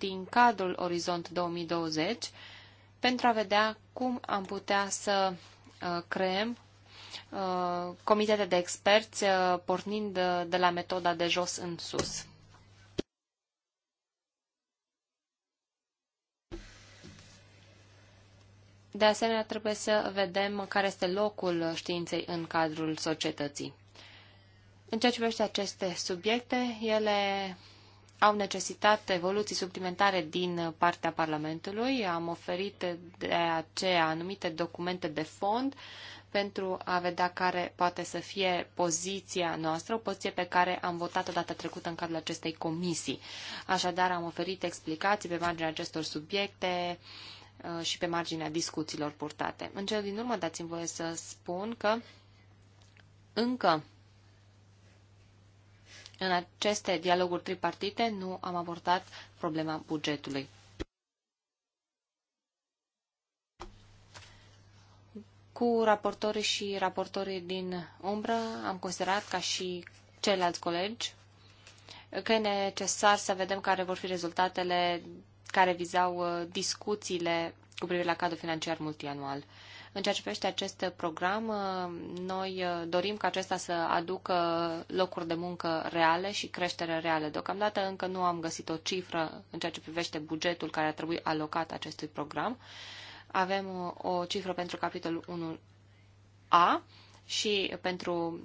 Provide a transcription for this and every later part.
din cadrul Orizont 2020 pentru a vedea cum am putea să uh, creăm uh, comitete de experți uh, pornind de la metoda de jos în sus. De asemenea, trebuie să vedem care este locul științei în cadrul societății. În ceea ce privește aceste subiecte, ele au necesitat evoluții suplimentare din partea Parlamentului. Am oferit de aceea anumite documente de fond pentru a vedea care poate să fie poziția noastră, o poziție pe care am votat-o data trecută în cadrul acestei comisii. Așadar, am oferit explicații pe marginea acestor subiecte uh, și pe marginea discuțiilor purtate. În cel din urmă, dați-mi voie să spun că încă în aceste dialoguri tripartite nu am abordat problema bugetului. Cu raportorii și raportorii din umbră am considerat ca și ceilalți colegi că e necesar să vedem care vor fi rezultatele care vizau uh, discuțiile cu privire la cadrul financiar multianual. În ceea ce privește acest program, uh, noi uh, dorim ca acesta să aducă locuri de muncă reale și creștere reală. Deocamdată încă nu am găsit o cifră în ceea ce privește bugetul care ar trebui alocat acestui program. Avem uh, o cifră pentru capitolul 1A și pentru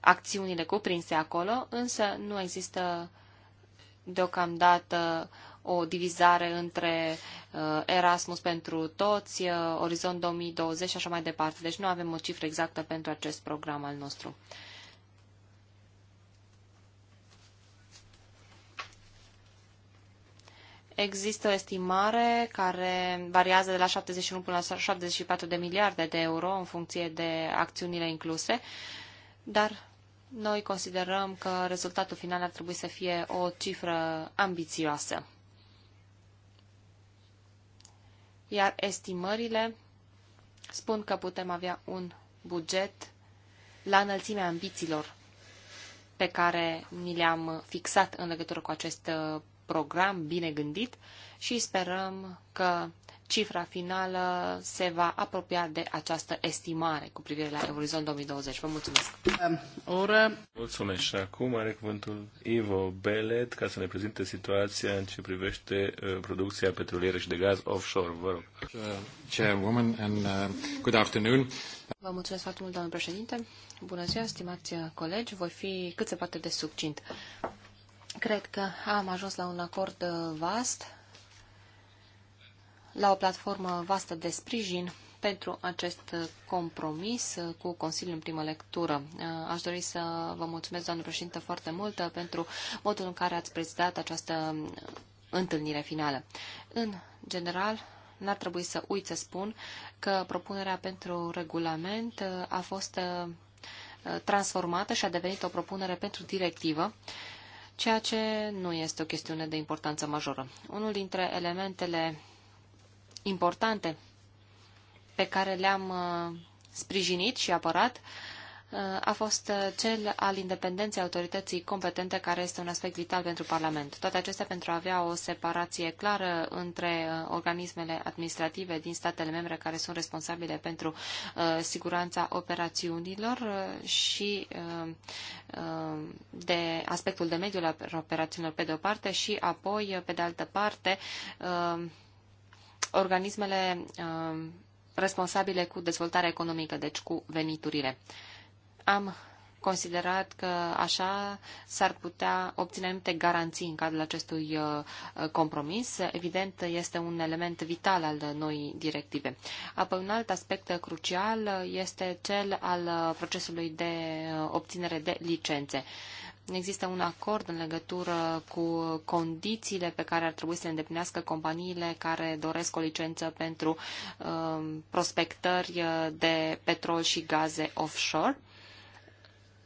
acțiunile cuprinse acolo, însă nu există deocamdată o divizare între uh, Erasmus pentru toți, uh, Orizont 2020 și așa mai departe. Deci nu avem o cifră exactă pentru acest program al nostru. Există o estimare care variază de la 71 până la 74 de miliarde de euro în funcție de acțiunile incluse, dar noi considerăm că rezultatul final ar trebui să fie o cifră ambițioasă. iar estimările spun că putem avea un buget la înălțimea ambițiilor pe care ni le-am fixat în legătură cu acest uh, program bine gândit și sperăm că cifra finală se va apropia de această estimare cu privire la Eurizon 2020. Vă mulțumesc! Um, Ora. Mulțumesc și acum are cuvântul Ivo Belet ca să ne prezinte situația în ce privește uh, producția petrolieră și de gaz offshore. Vă rog! Chairwoman and uh, good afternoon. Vă mulțumesc foarte mult, doamnă președinte. Bună ziua, stimați colegi. Voi fi cât se poate de succint. Cred că am ajuns la un acord uh, vast la o platformă vastă de sprijin pentru acest compromis cu Consiliul în primă lectură. Aș dori să vă mulțumesc, doamnă președintă, foarte mult pentru modul în care ați prezidat această întâlnire finală. În general, n-ar trebui să uit să spun că propunerea pentru regulament a fost uh, transformată și a devenit o propunere pentru directivă, ceea ce nu este o chestiune de importanță majoră. Unul dintre elementele importante pe care le-am uh, sprijinit și apărat uh, a fost uh, cel al independenței autorității competente, care este un aspect vital pentru Parlament. Toate acestea pentru a avea o separație clară între organismele administrative din statele membre care sunt responsabile pentru siguranța operațiunilor și de aspectul de mediu al operațiunilor pe de o parte și apoi, pe de altă parte, organismele um, responsabile cu dezvoltarea economică, deci cu veniturile. Am considerat că așa s-ar putea obține anumite garanții în cadrul acestui uh, compromis. Evident, este un element vital al noii directive. Apoi, un alt aspect crucial este cel al procesului de uh, obținere de licențe există un acord în legătură cu condițiile pe care ar trebui să le îndeplinească companiile care doresc o licență pentru um, prospectări uh, de petrol și gaze offshore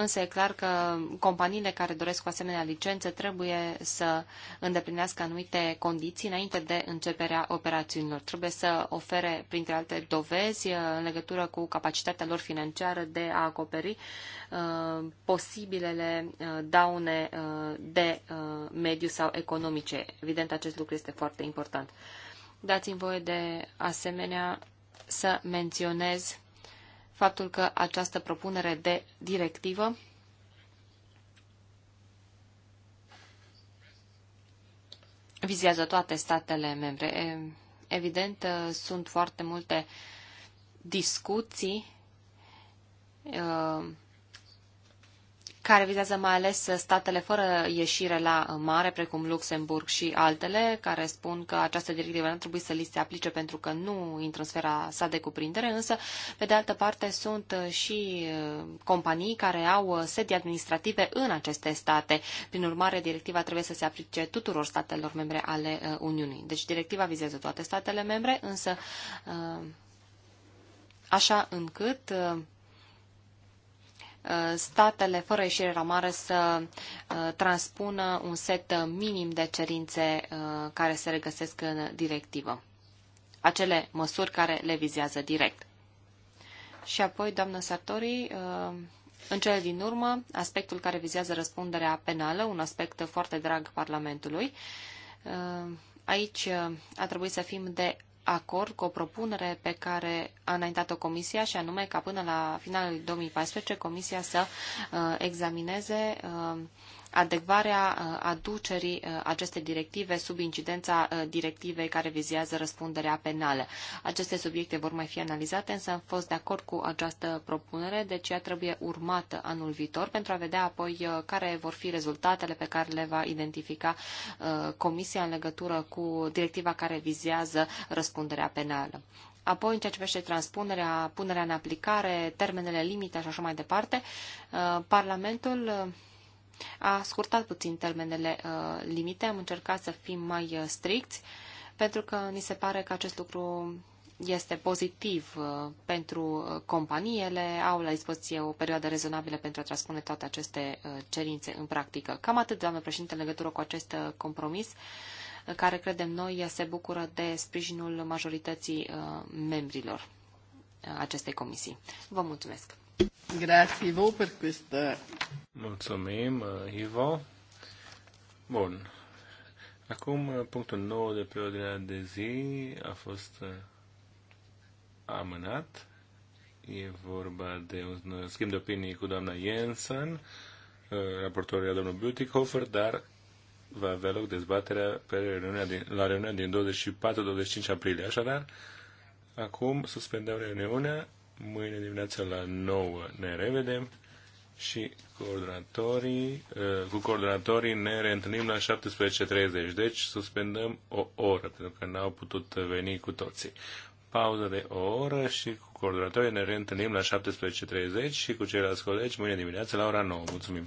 însă e clar că companiile care doresc o asemenea licență trebuie să îndeplinească anumite condiții înainte de începerea operațiunilor. Trebuie să ofere, printre alte dovezi, uh, în legătură cu capacitatea lor financiară de a acoperi uh, posibilele uh, daune uh, de mediu sau economice. Evident, acest lucru este foarte important. Dați-mi voie de asemenea să menționez faptul că această propunere de directivă vizează toate statele membre. Evident, uh, sunt foarte multe discuții uh, care vizează mai ales statele fără ieșire la mare, precum Luxemburg și altele, care spun că această directivă nu trebuie să li se aplice pentru că nu intră în sfera sa de cuprindere, însă, pe de altă parte, sunt și uh, companii care au uh, sedii administrative în aceste state. Prin urmare, directiva trebuie să se aplice tuturor statelor membre ale uh, Uniunii. Deci, directiva vizează toate statele membre, însă așa încât statele fără ieșire la mare să uh, transpună un set minim de cerințe uh, care se regăsesc în directivă. Acele măsuri care le vizează direct. Și apoi, doamnă Sartori, uh, în cele din urmă, aspectul care vizează răspunderea penală, un aspect foarte drag Parlamentului, aici a trebuit să fim de acord cu o propunere pe care a înaintat-o Comisia și anume ca până la finalul 2014 Comisia să uh, examineze uh, adecvarea uh, aducerii uh, acestei directive sub incidența uh, directivei care vizează răspunderea penală. Aceste subiecte vor mai fi analizate, însă am fost de acord cu această propunere, deci ea trebuie urmată anul viitor pentru a vedea apoi care vor fi rezultatele pe care le va identifica Comisia în legătură cu directiva care vizează răspunderea penală. Apoi, în ceea ce privește transpunerea, punerea în aplicare, termenele limite și așa mai departe, Parlamentul a scurtat puțin termenele uh, limite, am încercat să fim mai uh, stricți, pentru că ni se pare că acest lucru este pozitiv uh, pentru uh, companiile, au la dispoziție o perioadă rezonabilă pentru a transpune toate aceste uh, cerințe în practică. Cam atât, doamnă președinte, în legătură cu acest uh, compromis uh, care credem noi uh, se bucură de sprijinul majorității membrilor acestei comisii. Vă mulțumesc! Grazie Ivo per questa... Mulțumim, uh, Ivo. Bun. Acum, uh, punctul nou de pe ordinea de zi a fost uh, amânat. E vorba de un schimb de opinii cu doamna Jensen, raportorul domnul Beautyhofer, dar va avea loc dezbaterea pe reuniunea din, la reuniunea din 24-25 aprilie. Așadar, acum suspendăm reuniunea Mâine dimineața la 9 ne revedem și coordonatorii, uh, cu coordonatorii ne reîntâlnim la 17.30, deci suspendăm o oră, pentru că n-au putut veni cu toții. Pauză de o oră și cu coordonatorii ne reîntâlnim la 17.30 și cu ceilalți colegi mâine dimineață la ora 9. Mulțumim!